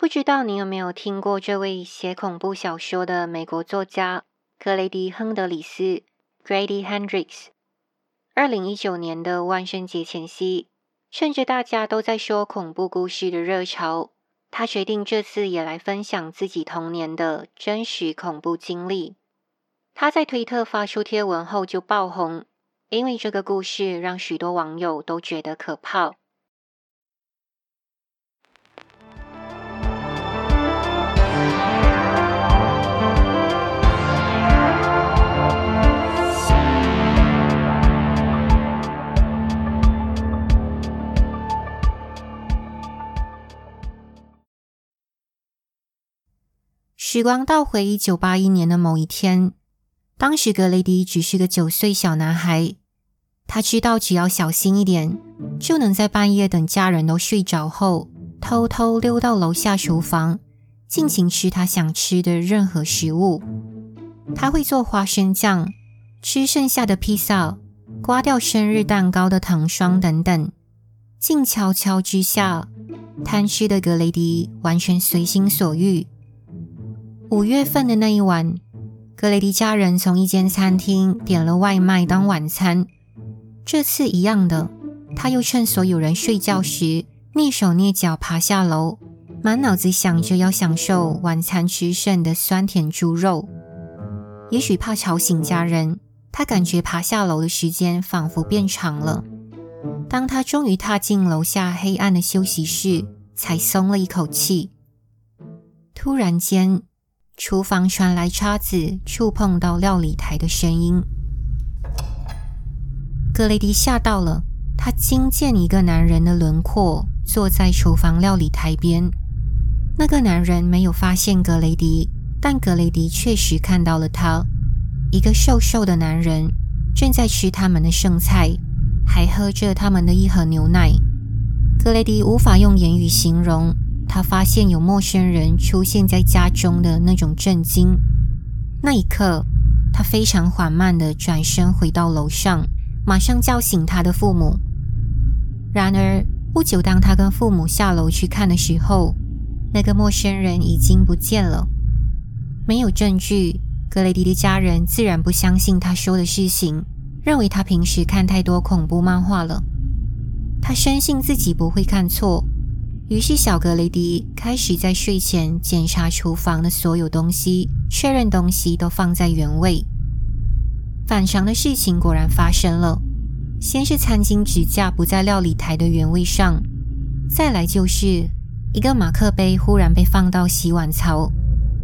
不知道你有沒有聽過這位寫恐怖小說的美國作家格雷迪·亨德里斯，Grady Hendrix？二零一九年的萬聖節前夕，趁着大家都在說恐怖故事的熱潮，他決定這次也來分享自己童年的真實恐怖經歷。他在推特發出貼文後就爆紅，因為這個故事讓許多網友都覺得可怕。時光倒回一九八一年的某一天，當時格雷迪只是個九歲小男孩。他知道，只要小心一點，就能在半夜等家人都睡着後，偷偷溜到樓下廚房，盡情吃他想吃的任何食物。他會做花生醬，吃剩下的披薩，刮掉生日蛋糕的糖霜等等。靜悄悄之下，貪吃的格雷迪完全隨心所欲。五月份的那一晚，格雷迪家人從一間餐廳點了外賣當晚餐。這次一樣的，他又趁所有人睡覺時躡手躡腳爬下樓，滿腦子想着要享受晚餐吃剩的酸甜豬肉。也許怕吵醒家人，他感覺爬下樓的時間仿佛變長了。當他終於踏進樓下黑暗的休息室，才鬆了一口氣。突然間，廚房傳來叉子觸碰到料理台的聲音，格雷迪嚇到了。他驚見一個男人的輪廓坐在廚房料理台邊。那個男人沒有發現格雷迪，但格雷迪確實看到了他。一個瘦瘦的男人正在吃他們的剩菜，還喝着他們的一盒牛奶。格雷迪無法用言語形容。他發現有陌生人出現在家中的那種震驚，那一刻，他非常緩慢地轉身回到樓上，馬上叫醒他的父母。然而不久，當他跟父母下樓去看的時候，那個陌生人已經不見了。沒有證據，格雷迪的家人自然不相信他說的事情，認為他平時看太多恐怖漫畫了。他深信自己不會看錯。於是，小格雷迪開始在睡前檢查廚房的所有東西，確認東西都放在原位。反常的事情果然發生了：先是餐巾支架不在料理台的原位上，再來就是一個馬克杯忽然被放到洗碗槽，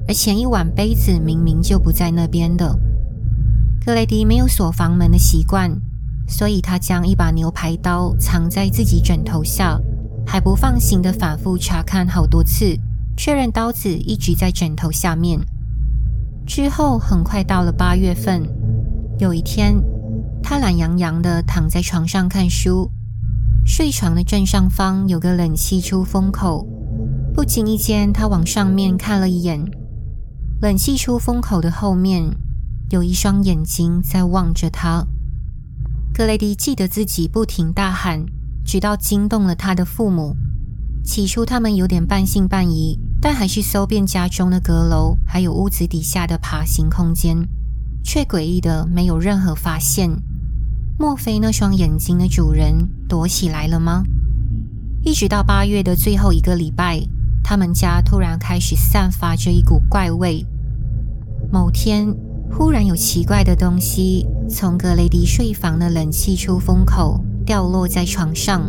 而前一晚杯子明明就不在那邊的。格雷迪沒有鎖房門的習慣，所以他將一把牛排刀藏在自己枕頭下。還不放心的反覆查看好多次，確認刀子一直在枕頭下面。之後很快到了八月份，有一天，他懶洋洋的躺在床上看書，睡床的正上方有個冷氣出風口，不經意間他往上面看了一眼，冷氣出風口的後面有一雙眼睛在望着他。格雷迪記得自己不停大喊。直到驚動了他的父母。起初，他們有點半信半疑，但還是搜遍家中的閣樓，還有屋子底下的爬行空間，卻詭異的沒有任何發現。莫非那雙眼睛的主人躲起來了嗎？一直到八月的最後一個禮拜，他們家突然開始散發着一股怪味。某天，忽然有奇怪的東西從格雷迪睡房的冷氣出風口。掉落在床上。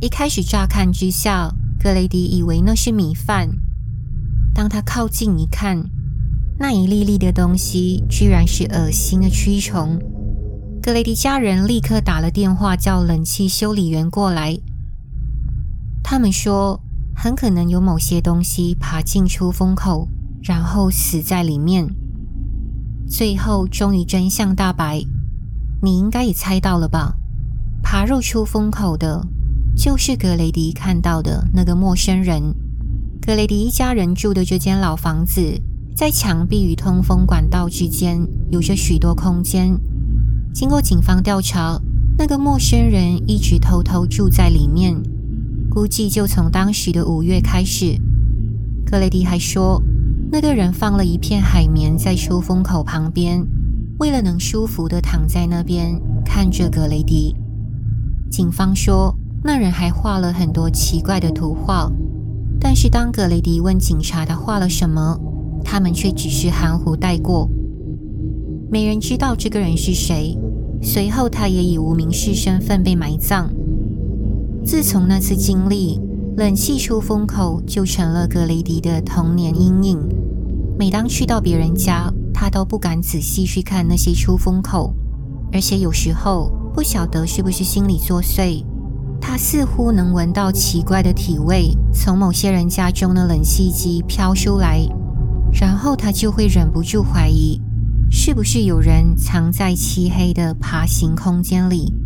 一開始乍看之下，格雷迪以為那是米飯。當他靠近一看，那一粒粒的東西居然是噁心的蛆蟲。格雷迪家人立刻打了電話叫冷氣修理員過來。他們說，很可能有某些東西爬進出風口，然後死在裡面。最後終於真相大白。你應該也猜到了吧？爬入出風口的，就是格雷迪看到的那個陌生人。格雷迪一家人住的這間老房子，在牆壁與通風管道之間有着許多空間。經過警方調查，那個陌生人一直偷偷住在裡面，估計就從當時的五月開始。格雷迪還說，那個人放了一片海綿在出風口旁邊，為了能舒服地躺在那邊，看着格雷迪。警方說，那人還畫了很多奇怪的圖畫，但是當格雷迪問警察他畫了什麼，他們卻只是含糊帶過。沒人知道這個人是誰。隨後，他也以無名氏身份被埋葬。自從那次經歷，冷氣出風口就成了格雷迪的童年陰影。每當去到別人家，他都不敢仔細去看那些出風口，而且有時候，不曉得是不是心理作祟，他似乎能聞到奇怪的體味，從某些人家中的冷氣機飄出來，然後他就會忍不住懷疑，是不是有人藏在漆黑的爬行空間裡。